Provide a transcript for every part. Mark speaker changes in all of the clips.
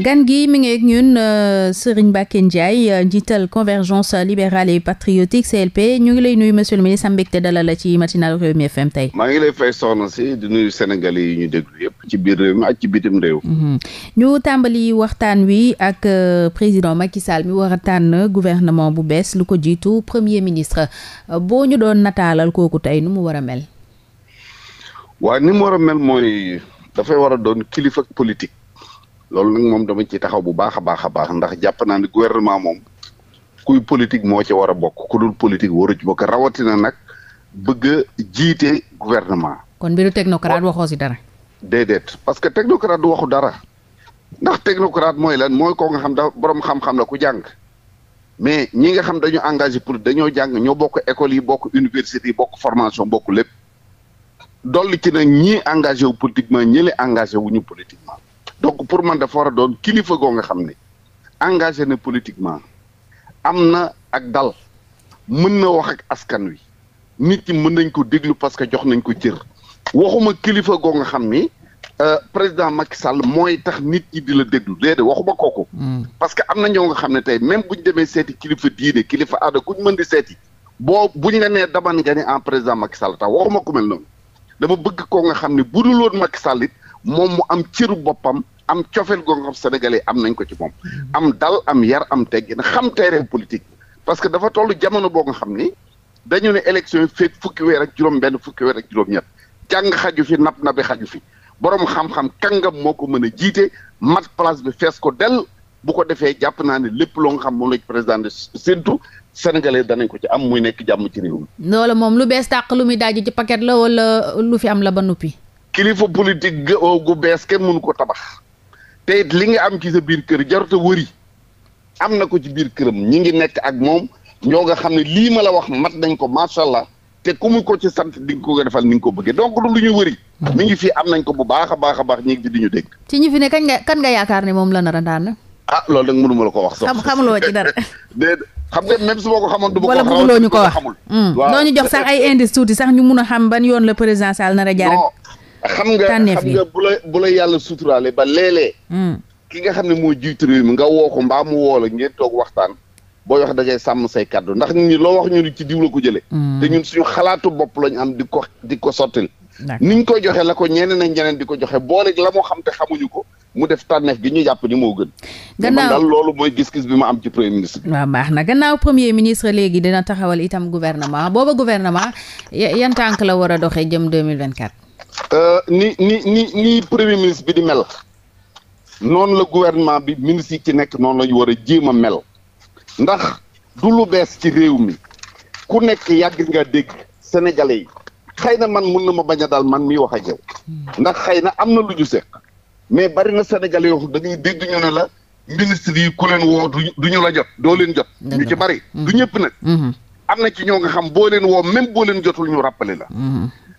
Speaker 1: gan gi mi ngi ak ñun euh, Serigne Mbacké euh, njiital convergence libérale et patriotique CLP ñu ngi lay nuyu monsieur le ministre am mbégte dalal la ci matinal Rewmi FM tey.
Speaker 2: maa ngi lay fay soxna si di nuyu sénégalais yi ñu déglu yëpp ci biir réew mi ak ci bitim réew.
Speaker 1: Mhm. ñu tàmbali waxtaan wi ak euh, président Macky Sall mi war a tànn gouvernement bu bees lu ko jiitu premier ministre boo ñu doon nataalal kooku tey nu mu war a mel.
Speaker 2: waaw ni mu war mel mooy dafay war doon kilifa loolu nag moom dama ci taxaw bu baax a baax a baax ndax jàpp naa ni moom kuy politique moo ci war a bokk ku dul politique waru ci bokk rawatina nag bëgg a jiite gouvernement.
Speaker 1: kon mbiru technocrate waxoo si dara.
Speaker 2: déedéet parce que technocrate du waxu dara ndax technocrate mooy lan mooy koo nga xam da borom xam-xam la ku jàng mais ñi nga xam dañu engagé pour dañoo jàng ñoo bokk école yi bokk université yi bokk formation bokk lépp dolli ci nag ñii engagé wu politiquement ñële engagé wuñu politiquement. donc pour man dafa war a doon kilifa goo nga xam ni engagé na politiquement am na ak dal mën na wax ak askan wi nit ñi mën nañ ko déglu parce que jox nañ ko cër waxuma kilifa goo nga xam ni euh, président Macky Sall mooy tax nit ñi di la déglu déedéet waxuma kooku. Hmm. parce que am na ñoo nga xam ne tey même bu ñu demee seeti kilifa diine kilifa aada ku mën di seeti. boo bu ñu la nee daman nga ni en président Macky Sall tax waxuma ku mel noonu dama bëgg koo nga xam ne bu dul woon moom mu am cëru boppam am cofeel googu xam sénégalais am nañ ko ci moom. am dal am yar am teggin xam teere politique. parce que dafa toll jamono boo nga xam ni dañu ne élection yi feeg fukki weer ak juróom-benn fukki weer ak juróom-ñett jàng xaju fi nab nabi xaju fi boroom xam-xam kàngam moo ko mën a jiite mat place bi fees ko del bu ko defee jàpp naa ne lépp loo nga xam moom la président de surtout sénégalais danañ ko ci am muy nekk jàmm ci réew mi.
Speaker 1: loolu moom lu bees tàq lu muy daaj ci paquet la wala lu fi am la ba noppi.
Speaker 2: kilifa politique gu bees kenn mënu ko tabax. te li nga am ci sa biir kër jaruta wëri am na ko ci biir këram ñi ngi nekk ak moom ñoo nga xam ne lii ma la wax mat nañ ko macha allah te ku mu ko ci sant di nga ko defal ni nga ko bëggee donc du lu ñu wëri. Mm-hmm. mi ngi fi am nañ ko bu baax a baax a baax ñi ngi di ñu dégg.
Speaker 1: ci ñi fi ne kañ nga kan nga yaakaar ne moom la nar a daan.
Speaker 2: ah loolu nag mënu ma la ko wax. xam xamuloo ci dara. déedéet xam nga même su ma ko xamoon du ma ko. wala ñu ko wax xamul. Mm. waaw doo ñu jox sax ay
Speaker 1: indice tuuti yoon la président Sall a
Speaker 2: xam nga xam nga bu bu la yàlla suturaale ba léeg-léeg hmm. ki nga xam ne moo jiitu réew mi nga woo ko mbaa mu woo la ngeen toog waxtaan boo wax da sàmm say kaddu ndax ñi loo wax ñu ci diw la ko jëlee hmm. te ñun suñu xalaatu bopp lañ am di ko di ko sottil niñ ko joxe la ko ñeneen ak ñeneen di ko joxe booleeg la moo xam te xamuñu ko mu def tànneef gi ñu jàpp ni moo gën. gannaaw loolu mooy gis-gis bi ma am ci premier ministre.
Speaker 1: waaw baax na gannaaw premier ministre léegi dina taxawal itam gouvernement booba gouvernement yan tànk la war a doxee jëm deux mille vingt quatre
Speaker 2: Euh, ni ni ni ni premier ministre bi di mel noonu la gouvernement bi ministre yi ci nekk noonu la war a jéem a mel ndax du lu bees ci réew mi ku nekk yàgg nga dégg sénégalais yi xëy na man mun na ma bañ a daal man mii wax a yow hmm. ndax xëy na am na lu ñu mais bari na sénégalais yoo xam dañuy dégg ñu ne la ministre yi ku leen woo du ñu la jot doo leen jot ñu ci bari du hmm. ñëpp nag hmm. am na ci ñoo ngi xam boo leen woo même boo leen jotul ñu rappelé la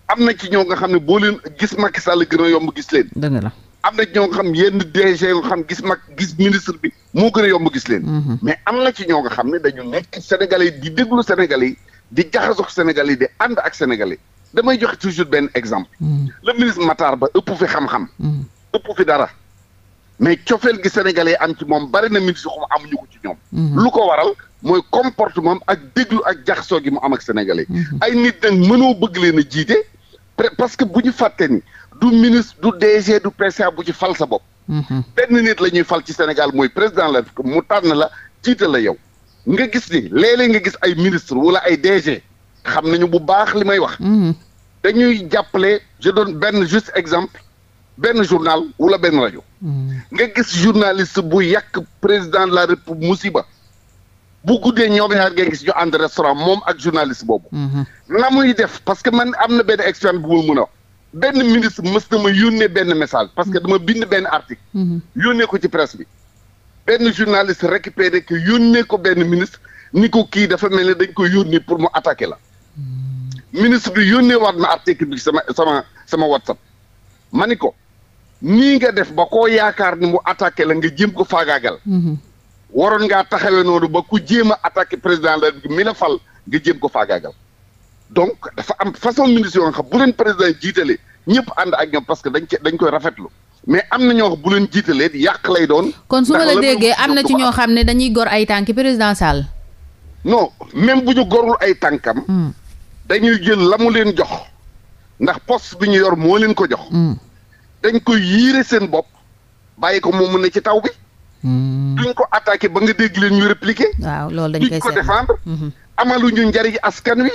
Speaker 2: am na ci ñoo nga xam ne boo leen gis Macky Sall gën a yomb gis leen. dëgg am na ci ñoo nga xam yenn DG yoo xam gis mag gis ministre bi moo gën a yomb gis leen. Mhm. mais am na ci ñoo nga xam ne dañu nekk Sénégalais di déglu Sénégalais di jaxasoo Sénégalais di ànd ak Sénégalais damay joxe toujours benn exemple. Mhm. le ministre Matar Ba ëpp fi xam-xam. Mhm. ëpp fi dara. mais cofeel gi sénégalais am ci moom bari na ministre xom amuñu ko ci ñoom lu ko waral mooy comportement ak déglu ak jaxasoo gi mu am ak sénégalais ay nit nag mënoo bëgg leen a jiite parce que bu ñu fàttee ni du ministre du DG du PCA bu ci fal sa bopp. Mhm. benn nit la ñuy fal ci Sénégal mooy président la mu tànn la jiite la yow. nga gis ni léeg nga gis ay ministre wala ay DG xam nañu bu baax li may wax. Mhm. dañuy jàppale je donne benn juste exemple benn journal wala benn rajo. Mhm. nga gis journaliste buy yàq président de la république musiba. bu guddee ñoom ñaar ngeen gis ñu ànd restaurant moom ak journaliste boobu. na mhm. muy def parce que man am na benn expérience bu ma mën a wax. benn ministre mës na ma yónnee benn message parce que dama bind benn article. Mhm. yónnee ko ci presse bi. benn journaliste récupéré que yónnee ko benn ministre ni ko kii dafa mel ne dañ ko yónnee pour mu attaquer la. Mhm. ministre bi yónnee waat na article bi sama sama sama WhatsApp. ma ni ko nii nga def ba koo yaakaar ni mu attaqué la nga jëm ko faagaagal. waroon ngaa taxawee noonu ba ku jéem a attaqué président la mi la fal nga jéem ko faagaagal donc dafa am façon ministre yoo xam bu leen président jiitalee ñëpp ànd ak ñoom parce que dañ dañ koy rafetlu mais am na ñoo xam bu leen jiitalee yàq lay doon.
Speaker 1: kon su ma la am na ci ñoo xam ne dañuy gor ay tànki président Sall.
Speaker 2: non même bu ñu gorul ay tànkam. Hmm. dañuy jël lamu leen jox. ndax post bi ñu yor moo leen ko jox. Hmm. dañ koy yiire seen bopp bàyyi ko moom mën ne ci taw bi. Mm. duñ ko attaqué ba nga dégg leen ñu répliqué. waaw loolu dañ ko défendre. Mm-hmm. amaluñu njariñ askan wi.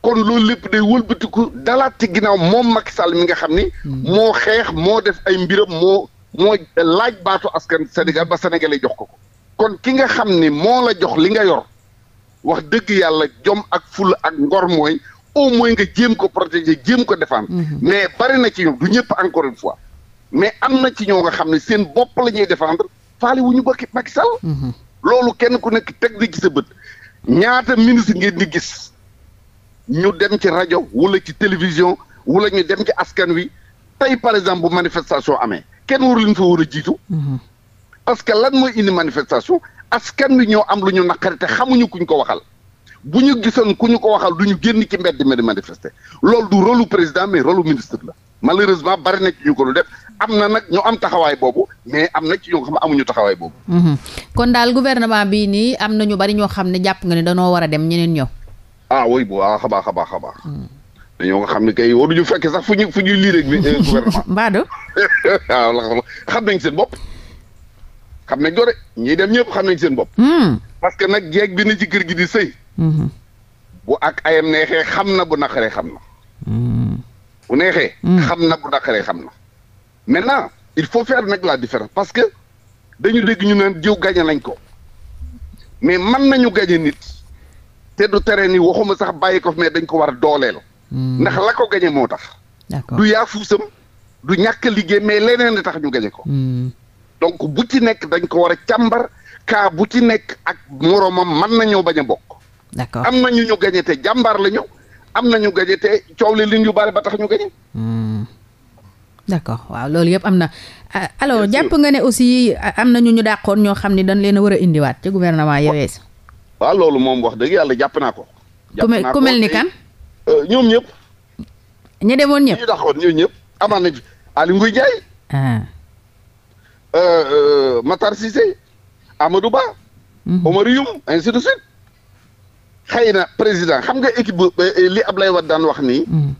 Speaker 2: kon loolu lépp day wëlbatiku dalaat ci ginnaaw moom Macky Sall mi nga xam ni. Mm. moo xeex moo def ay mbiram moo moo laaj baatu askan Sénégal ba sénégalais jox ko ko. kon ki nga xam ni moo la jox li nga yor wax dëgg yàlla jom ak ful ak ngor mooy au moins nga jéem ko protéger jéem ko défendre. Mm-hmm. mais bari na ci ñoom du ñëpp encore une fois. mais am na ci ñoo nga xam ne seen bopp la ñuy défendre. faale wu ñu bëgg Macky Sall mhm. loolu kenn ku nekk teg di gis a bët ñaata ministre ngeen di gis ñu dem ci rajo wala ci télévision wala ñu dem ci askan wi tey par exemple manifestation amee kenn waru leen fa war a jiitu mhm. parce que lan mooy indi manifestation askan wi ñoo am lu ñu naqari te xamuñu kuñ ko waxal bu ñu gisoon ku ñu ko waxal du ñu génn ci mbedd mi di manifester loolu du rôle lu président mais rôle lu ministre la malheureusement bari na ñu ko lu def am na nag ñu am taxawaay boobu mais am na ci ñoo amuñu taxawaay boobu. Mhm.
Speaker 1: kon daal gouvernement bii nii am na ñu bari ñoo xam ne jàpp nga ne danoo war a dem ñeneen
Speaker 2: ñëw. ah oui bu baax a baax a baax a baax. xam ne kay waruñu fekk sax fu ñu fu ñuy lii rek bi eh, ah, nañ seen bopp. xam nañ ko de dem ñëpp xam nañ seen bopp. Hmm. parce que nag jeeg bi na ci kër gi di sëy. Mhm. bu ak ayam neexee xam na bu naqaree xam na. Hmm. bu neexee. Hmm. xam na bu naqaree xam na. maintenant il faut faire nag la différence parce que dañu dégg ñu neen jiw gañe nañ ko mais mën nañu gañe nit te du terrain yi waxuma sax bàyyi ko mais dañ ko war a dooleel. Hmm. ndax la ko gañe moo tax. du yaa fuusam du ñàkk liggéey mais leneen a tax ñu gañe ko. Hmm. donc bu ci nekk dañ ko war a càmbar kaa bu ci nekk ak moroomam mën nañoo bañ a bokk. d'accord am na ñu ñu gañe te jàmbaar la ñu am nañu ñu gañe te coow li yu bari ba tax ñu gañe.
Speaker 1: d'accord waaw loolu yëpp am na alors jàpp nga ne aussi am na ñu ñu dàqoon ñoo xam ni dañ leen a war a indiwaat ci gouvernement yewees
Speaker 2: waa loolu moom wax dëgg yàlla jàpp naa ko ku mel ni kan euh, ñoom ñëpp ña demoon ñëpp ñu dàqoon ñoom ñëpp amaan na fi Aly Ngouille Ndiaye ah. euh, euh, Matar Cissé Amadou Ba mhm. Oumar Youm ainsi de xëy na président xam nga équipe li Ablaye Wade daan wax nii mhm.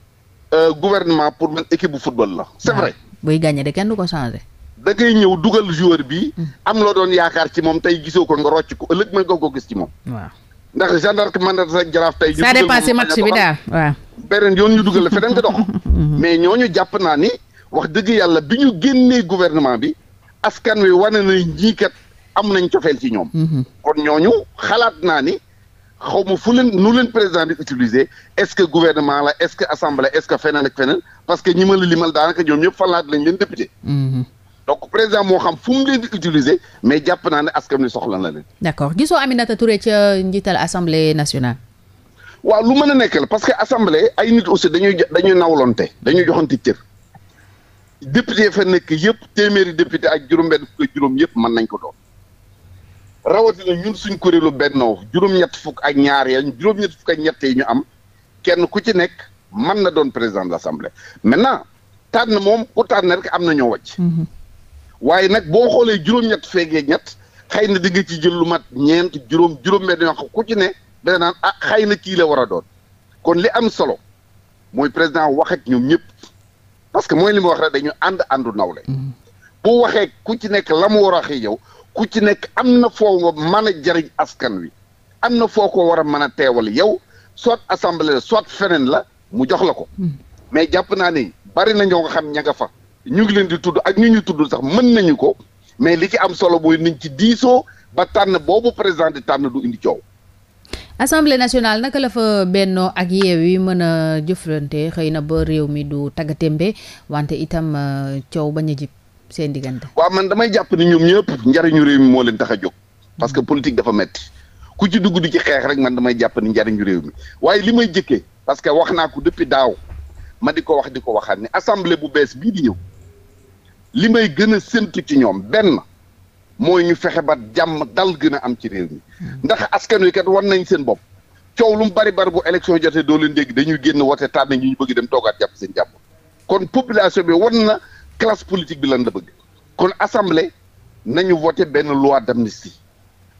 Speaker 2: Euh, gouvernement pour man équipe bu football la. c'est ah, vrai
Speaker 1: buy gagné de kenn du ko changé.
Speaker 2: da ngay ñëw dugal joueur bi hmm. am loo doon yaakaar ci moom tey gisoo ko nga rocc ko ëllëg mooy nga ko gis ci moom. waaw ndax gendarme man sa jaraaf tey. ñu dugal ko ça dépassé match bi daal waaw. beneen yoon ñu dugal la feneen nga dox. Hmm. mais ñooñu jàpp naa ni wax dëgg yàlla bi ñu génnee gouvernement bi askan wi wane na ñii kat am nañ cofeel ci ñoom. Hmm. kon ñooñu xalaat naa ni. xaw ma fu leen nu leen président di utiliser est-ce que gouvernement la est-ce que assemblée est-ce que feneen ak feneen parce que ñi limal daanaka ñoom ñëpp falaat lañ leen député. Mhm. donc président moo xam fu mu leen di utiliser mais jàpp naa ne askan wi soxla na leen.
Speaker 1: d'accord gisoo Aminata Touré ca njiital assemblée nationale.
Speaker 2: waaw lu mën a nekkeel parce que assemblée ay nit aussi dañuy dañuy nawlonte dañuy joxante cër. député fa nekk yëpp téeméeri député ak juróom-benn juróom yëpp mën nañ ko doon. rawatina ñun suñ kuréelu bennoo juróom-ñett fukk ak ñaar ya juróom-ñett fukk ak ñett yi ñu am kenn ku ci nekk mën na doon président de l'assemblée maintenant tànn moom ku tànn rek am na ñoo wàcc. Mhm. waaye nag boo xoolee juróom-ñett feegee ñett xëy na di nga ci jël lu mat ñeent juróom juróom-benn yoo xam ku ci ne dana naan ah xëy na kii la war a doon kon li am solo mooy président waxeek ak ñoom ñëpp parce que mooy li ma wax rek dañu ànd àndu nawle. Mhm. bu waxee ku ci nekk la mu war a waxee yow ku ci nekk am na foo nga mën a jariñ askan wi am na foo ko war a mën a teewal yow soit assemblée la soit feneen la mu jox la ko hmm. mais jàpp naa ni bari na ñoo nga xam ña nga fa ñu ngi leen di tudd ak ñu ñu tudd sax mën nañu ko mais li ci am solo mooy niñ ci diisoo ba tànn boobu président di tànn du indi coow.
Speaker 1: assemblée nationale naka la fa bennoo ak yeew Yewwi mën a jëflante xëy na ba réew mi du taggatémbe wante itam euh, coow bañ a jib seen diggante.
Speaker 2: waaw man damay jàpp ni ñoom ñëpp njariñu réew mi moo leen tax a jóg parce que hmm. politique dafa metti ku ci dugg di ci xeex rek man damay jàpp ni njariñu réew mi waaye li may jëkkee parce que wax naa ko daaw ma di ko wax di ko waxaat ni assemblée bu bees bii di ñëw li may gën a séntu ci ñoom benn mooy ñu fexe ba jàmm dal gën a am ci réew mi hmm. ndax askan wi kat war nañ seen bopp coow lu mu bari bari bu élection jotee doo leen dégg dañuy génn wote tànn ñu bëgg dem toogaat jàpp seen jàmm kon population bi na classe politique bi lan la bëgg kon assemblée nañu voté benn loi d'amnistie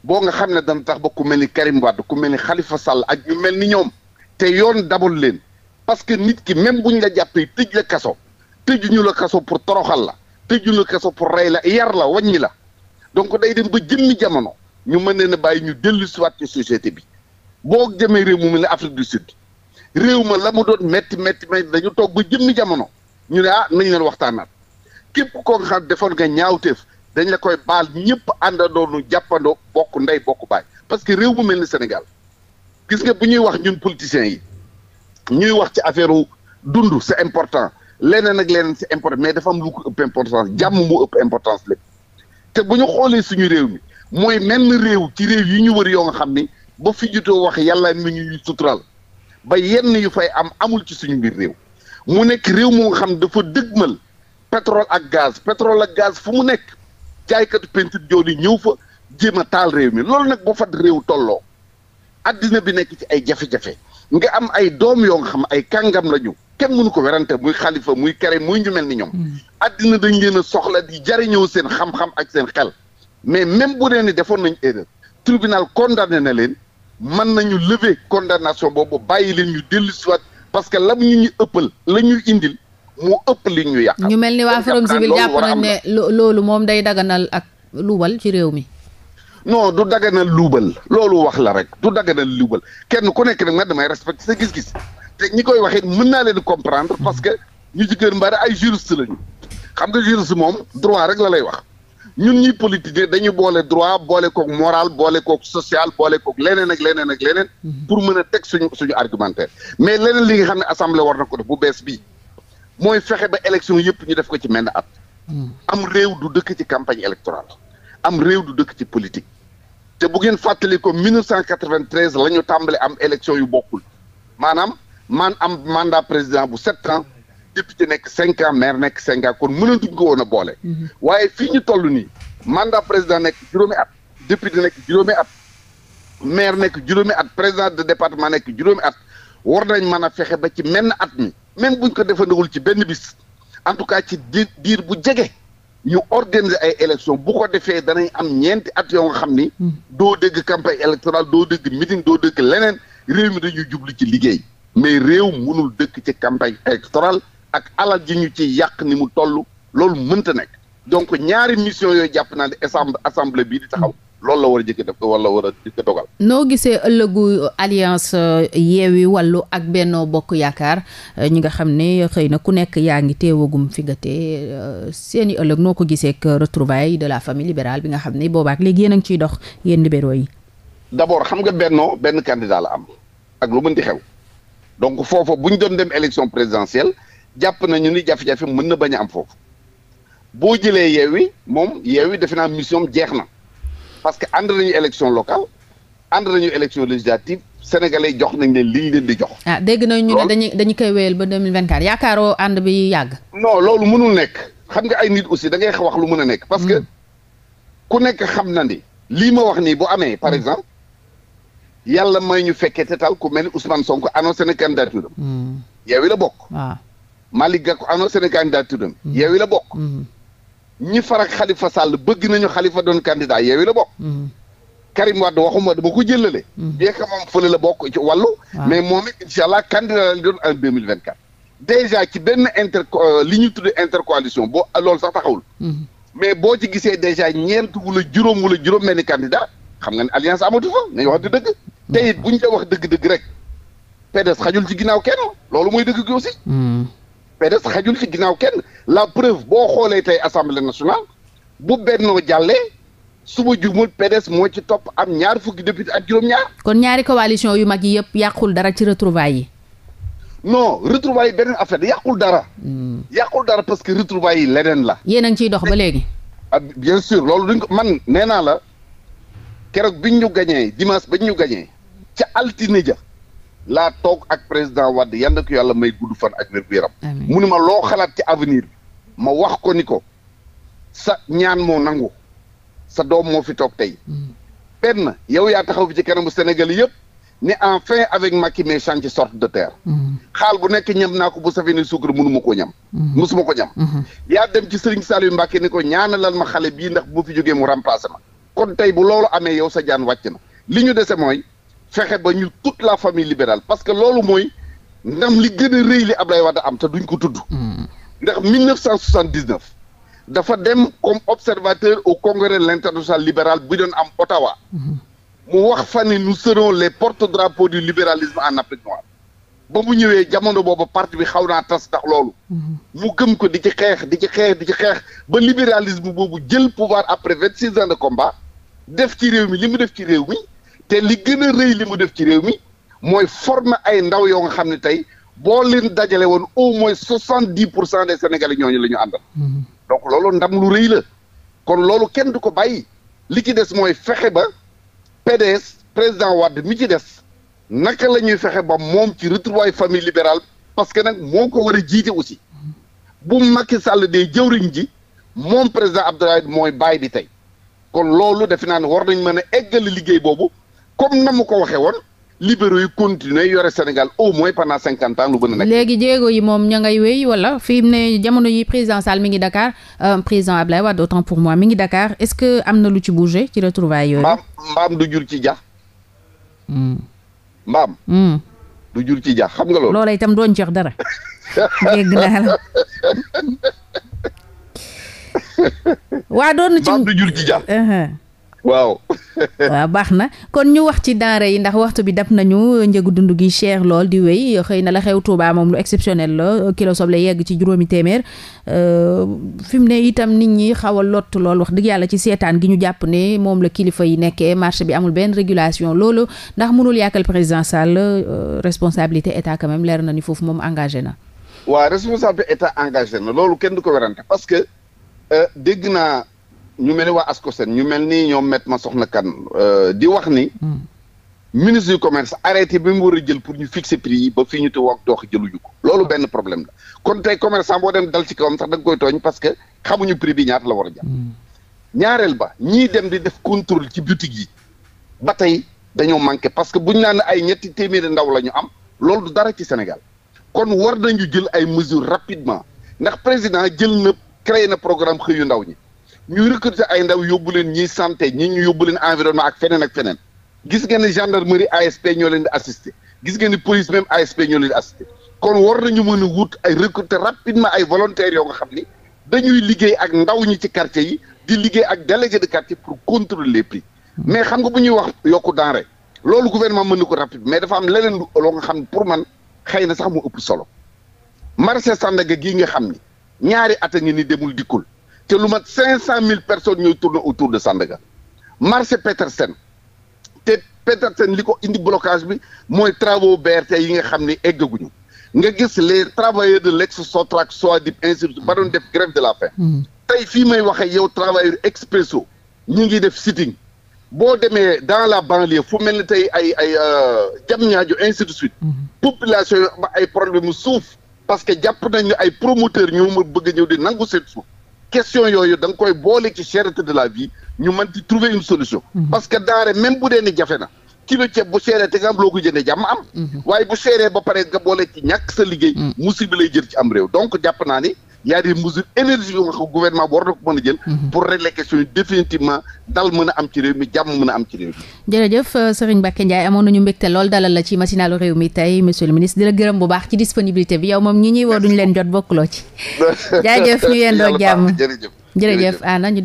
Speaker 2: boo nga xam ne dana tax ba ku mel ni Karim Wade ku mel ni Khalifa Sall ak ñu mel ni ñoom te yoon dabal leen parce que nit ki même buñ la jàppee tëj la kaso ñu la kaso pour toroxal la tëjuñu la kaso pour rey la yar la wàññi la donc day dem ba jëmmi jamono ñu mën leen a bàyyi ñu dëllu siwaat ci société bi boo jëmee réew mu mel ne Afrique du Sud réew ma la mu doon métti métti métti dañu toog jëmmi jamono ñu ne ah nañ leen waxtaanaat képp koo nga xam defoon nga ñaawteef dañ la koy baal ñëpp àndandoo nu jàppandoo bokk ndey bokk baay parce que réew mu mel ni Sénégal gis nga bu ñuy wax ñun politiciens yi ñuy wax ci affaire dund c'est important leneen ak leneen c'est important mais dafa am lu ko ëpp important jàmm mu ëpp importance lépp te bu ñu xoolee suñu réew mi mooy menn réew ci réew yi ñu wër yoo nga xam ni ba fi jutoo wax yàlla mi ñuy sutural ba yenn yu fay am amul ci suñu biir réew mu nekk réew moo nga xam dafa dëgmal pétrole ak gaz pétrole ak gaz fu mu nekk jaaykatu pentit jooni ñëw fa jéem a taal réew mi loolu nag boo fat réew tolloo addina bi nekk ci ay jafe-jafe nga am ay doom yoon xam ay kàngam la ñu kenn mënu ko werante muy xalifa muy kere muy ñu mel ni ñoom hmm. addina dañ leen a soxla di jariñëw seen xam-xam ak seen xel mais même bu nee ni defoon nañ erreur tribunal condamné na leen mën nañu lever condamnation boobu bàyyi leen ñu dellu siwaat parce que lam ñu ñu ëppal la ñuy indil moo ëpp li ñu yàq. ñu mel ni waa Forum Civil jàpp nañ ne
Speaker 1: loolu moom day daganal ak luubal ci réew mi.
Speaker 2: non du daganal luubal loolu wax la rek du daganal luubal kenn ku nekk nag man damay respecté sa gis-gis te ñi koy waxee mën naa leen comprendre parce que ñu ci gën bari ay juriste lañu xam nga juriste moom droit rek la lay wax ñun ñuy politique dañuy boole droit boole kook moral boole kook social boole kook leneen ak leneen ak leneen. Mhm. pour mën a teg suñu suñu argumentaire mais leneen li nga xam ne assemblée war na ko def bu bees bii. mooy fexe ba élection yëpp ñu def ko ci menn at. Hmm. am réew du dëkk ci campagne électorale am réew du dëkk ci politique. te bu ngeen fàttali ko 1993 la ñu tàmbali am élection yu bokkul maanaam man am mandat président bu sept ans député nekk cinq ans maire nekk cinq ans kon mënatuñ ko woon a boole. Hmm. waaye fii ñu toll nii mandat président nekk juróomi at député nekk juróomi at. maire nekk juróomi at président de département nekk juróomi at war nañ mën a fexe ba ci menn at mi bu buñ ko defandiwul ci benn bis en tout cas ci diir diir bu jege ñu organiser ay élection bu ko defee danañ am ñeenti at yoo xam ni. Hmm. doo dégg campagne électorale doo dégg meeting doo dégg leneen réew mi dañuy jublu ci liggéey mais réew mënul dëkk ci campagne électorale ak alal ji ñu ci yàq ni mu toll loolu mënta nekk donc ñaari mission yooyu jàpp naa ne assemblée bi di taxaw. loolu la war a jëkk def wala war a jëkk dogal.
Speaker 1: noo gisee ëllëgu alliance euh, yi wàllu ak bennoo bokk yaakaar euh, ñi nga xam ne xëy na ku nekk yaa ngi teewagum fi nga tee euh, seen i ëllëg noo ko gisee ak retrouvailles de la famille libérale bi nga xam ne boobaak léegi yéen a ngi ciy dox yéen libéraux yi.
Speaker 2: d'abord xam nga bennoo benn candidat la am ak lu mën di xew donc foofu bu ñu doon dem élection présidentielle jàpp nañu ni jafe-jafe mën na bañ a am foofu boo jëlee moom yeewi defe naa jeex na. parce que ànd nañu élection locale ànd nañu élection législative sénégalais jox nañ leen liñ leen di jox.
Speaker 1: ah dégg nañ ñu ne dañuy dañu koy wéyal ba 2024 yaakaaroo ànd bi yàgg.
Speaker 2: non loolu mënul nekk xam nga ay nit aussi da ngay wax lu mën a nekk. parce que hmm. ku nekk xam na ni lii ma wax nii boo amee par hmm. exemple yàlla may ñu fekkee te tal ku mel ni Ousmane Sonko annoncé na candidature am. Hmm. Yewwi la bokk. waaw ah. Malick Gakou annoncé na candidature am. Yewwi la bokk. ñi farak xalifa Sall bëgg nañu xalifa doon candidat yeewi la bokk. Mm-hmm. Karim Wade waxuma dama ko jëlale. Mm-hmm. bien que moom fële la bokk ci wàllu. Ah. mais moom it incha allah candidat la doon en deux mille vingt quatre. dèjà ci benn inter euh, li ñu tuddee intercoalition boo loolu sax taxawul. Mm-hmm. mais boo ci gisee dèjà ñeent wala juróom wala juróom mel benni candidat xam nga ne alliance amatu fa nañu wax dëgg. te it bu ñu la wax dëgg-dëgg rek PDS xajul ci ginnaaw kenn loolu mooy dëgg gi aussi. PDS xajul ci ginnaaw kenn la preuve boo xoolee tey assemblée nationale bu bennoo jàllee suba ma jumul PDS moo ci topp am ñaar fukki député ak juróom-ñaar.
Speaker 1: kon ñaari coalition yu mag yi yëpp yàqul dara ci retrouvailles yi.
Speaker 2: non retrouvailles yi beneen affaire yàqul dara. Hmm. yàqul dara parce que retrouvailles yi leneen la.
Speaker 1: yéen a ngi ciy dox ba léegi.
Speaker 2: Ah, bien sûr loolu duñ ko man nee naa la keroog biñ ñu gañee dimanche bañ ñu gañee ca altine ja laa toog ak président Wade yal na ko yàlla may gudd fan ak wér gu yaram. mu ma loo xalaat ci avenir ma wax ko ni ko sa ñaan moo nangu sa doom moo fi toog tey. Mm. benn yow yaa taxaw fi ci kanamu Sénégal yëpp ni enfin avec Macky mes chantiers sortent de terre. Mm. xaal bu nekk ñam naa ko bu safee ni suukar mënu ma koo ñam. Mm. musuma ko ñam. Mm-hmm. yaa dem ci Serigne Saliou Mbacké ni ko ñaana ñaanalal ma xale bii ndax bu fi jógee mu remplacé ma. kon tey bu loolu amee yow sa jaan wàcc na li ñu dese mooy. fexe ba ñu toute la famille libérale parce que loolu mooy ndam li gën a rëy li Ablaye Wade am te duñ ko tudd. Hmm. ndax 1979 dafa dem comme observateur au congrès de l'international libéral bi doon am Ottawa. Hmm. mu wax fa ni nous serons les porte-drapeaux du libéralisme en Afrique noire. ba mu ñëwee jamono boobu parti bi xaw naa tas ndax loolu. Hmm. mu gëm ko di ci xeex di ci xeex di ci xeex ba libéralisme boobu jël pouvoir après vingt six ans de combat def ci réew mi li mu def ci réew mi. te li gën a rëy li mu def ci réew mi mooy former ay ndaw yoo nga xam ne tey boo leen dajale woon au moins soixante dix pour cent des sénégalais ñooñu la ñu àndal. Mm-hmm. donc loolu ndam lu rëy la. kon loolu kenn du ko bàyyi li ci des mooy fexe ba PDS président wadd mi ci des naka la ñuy fexe ba moom ci retrouvaille famille libérale parce que nag moo ko war a jiite aussi mm-hmm. bu Macky Sall dee jëwriñ ji moom président Abdoulaye mooy bàyyi di tey kon loolu defe naa ne war nañ mën a eggali liggéey boobu. comme na mu ko waxee woon libéraux yi continuer yore Sénégal au moins pendant cinquante ans lu gën a
Speaker 1: léegi jéego yi moom ña ngay wéy wala fi mu ne jamono yi président Sall mi ngi dakaar euh, président Ablaye Wade autant pour moi mi ngi Dakar est que am na lu ci bougé ci retrouvailles yooyu. mbaam
Speaker 2: mbaam du jur ci ja. Hmm. mbaam. Hmm. du ci ja xam nga loolu. loola
Speaker 1: itam doon jox dara.
Speaker 2: dégg naa waa
Speaker 1: doon na ci mbaam waaw. baax na kon ñu wax ci denrée yi ndax waxtu bi dab nañu njëgu dund gi cher lool di wéy xëy na la xew tuubaa moom lu exceptionnel la kilo soble yegg ci juróomi téeméer euh, fi mu ne itam nit ñi xaw a lott lool wax dëgg yàlla ci seetaan gi ñu jàpp ne moom la kilifa yi nekkee marché bi amul benn régulation loolu ndax mënul yàkkal président Sall euh, responsabilité état quand leer na ni foofu moom engagé na.
Speaker 2: waaw responsabilité état engagé na loolu kenn du ko ñu mel ni waa ASCOSEN ñu mel ni ñoom met ma soxna kan euh, di wax ni. Hmm. ministre du commerce arrêté bi mu war a jël pour ñu fixer prix yi ba fii ñu toog dox jëluñu ko. loolu benn problème la kon tey commerçant boo dem dal ci kawam sax da nga koy tooñ parce que xamuñu prix bi ñaata la war a jar. Hmm. ñaareel ba ñii dem di def contrôle ci boutique yi ba tey dañoo manqué parce que bu ñu naan ay ñetti téeméeri ndaw la ñu am loolu du dara ci Sénégal kon war nañu jël ay mesures rapidement ndax président jël na créé na programme xëyu ndaw ñi. ñuy recruter ay ndaw yóbbu leen ñiy santé ñi ñu yóbbu leen environnement ak feneen ak feneen gis ngeen ne gendarmerie ASP ñoo leen di assister gis ngeen ne police même ASP ñoo di assister kon war nañu mën a wut ay recruter rapidement ay volontaires yoo nga xam ni dañuy liggéey ak ndaw ñi ci quartier yi di liggéey ak délégué de quartier pour contrôler les hmm. mais xam nga bu ñuy wax yokku danre loolu gouvernement mën na ko rapide mais dafa am leneen loo nga xam ne pour man xëy na sax mu ëpp solo marché Sandaga gii nga xam ni ñaari at a ngi demul dikkul te lu mat cinq cent mille personnes ñooy tourner autour de Sandaga marché Petersen te Petersen li ko indi blocage bi mooy travaux BRT yi nga xam ne eggaguñu nga gis les travailleurs de l'ex Sotrac Soadip ainsi ba doon def grève de la faim hmm. tey fii may waxe yow travailleurs Expresso ñu ngi def sitting boo demee dans la banlieue fu mel ne tey ay ay euh, Diamniadio ainsi de suite hmm. population yi am ay problème mu suuf parce que jàpp nañu ay promoteurs ñoo ma bëgg a ñëw di nangu seen suuf question yooyu da nga koy boole ci cherté de la vie ñu mën di trouver une solution. Mhm. parce que daare même bu dee ni jafena na. kilo ceeb bu seeree te am loo ko jëndee jàmm am. Mhm. waaye bu seeree ba pare nga boole ci ñàkk sa liggéey. Mhm. musiba lay jël ci am réew donc jàpp naa ni. y a des mesures énergiques yoo xam gouvernement bi war na ko mën a jël. Mhm. pour régler question yi définitivement dal mën a am ci réew mi jàmm mën a am ci réew
Speaker 1: jërëjëf euh, Serigne Mbacké Ndiaye amoon nañu mbégte lool dalal la ci matinalu réew mi tey monsieur le ministre di gërëm bu baax ci disponibilité bi yow moom ñi ñuy woo duñu leen jot bokkuloo ci.
Speaker 2: jaajëf ñu yendoo jàmm jërëjëf
Speaker 1: ana ñu